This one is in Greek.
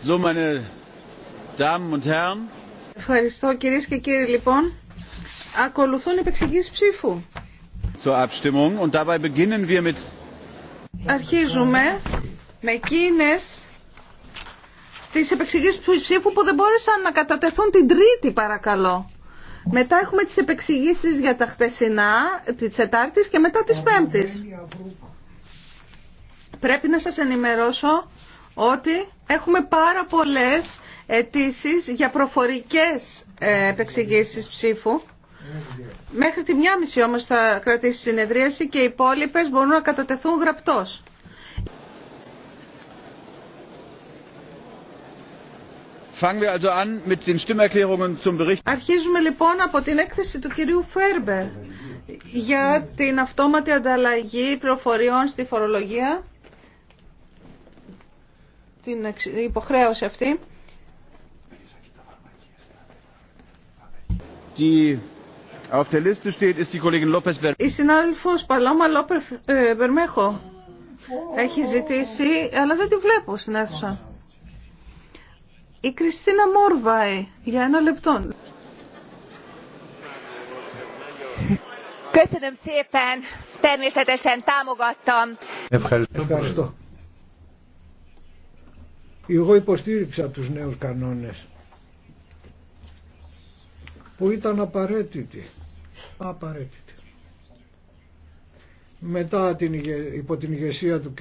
So, meine Damen und Herren. Ευχαριστώ κυρίες και κύριοι λοιπόν. Ακολουθούν επεξηγήσεις ψήφου. Zur Abstimmung und dabei beginnen wir mit Αρχίζουμε με κίνες τις επεξηγήσεις ψήφου που δεν μπόρεσαν να κατατεθούν την Τρίτη παρακαλώ. Μετά έχουμε τις επεξηγήσεις για τα χτεσινά, της Τετάρτη και μετά της Πέμπτης. Πρέπει να σα ενημερώσω ότι έχουμε πάρα πολλές αιτήσει για προφορικές ε, επεξηγήσεις ψήφου. Μέχρι τη μία μισή όμως θα κρατήσει συνεδρίαση και οι υπόλοιπε μπορούν να κατατεθούν γραπτός. Αρχίζουμε λοιπόν από την έκθεση του κυρίου Φέρμπερ για την αυτόματη ανταλλαγή προφοριών στη φορολογία την υποχρέωση αυτή. Η συνάδελφος Παλώμα Λόπερ ε, Μπερμέχο έχει ζητήσει, αλλά δεν τη βλέπω στην αίθουσα. Η Κριστίνα Μόρβαη, για ένα λεπτό. Ευχαριστώ. Εγώ υποστήριξα τους νέους κανόνες που ήταν απαραίτητοι. Απαραίτητοι. Μετά την, υπό την ηγεσία του κ.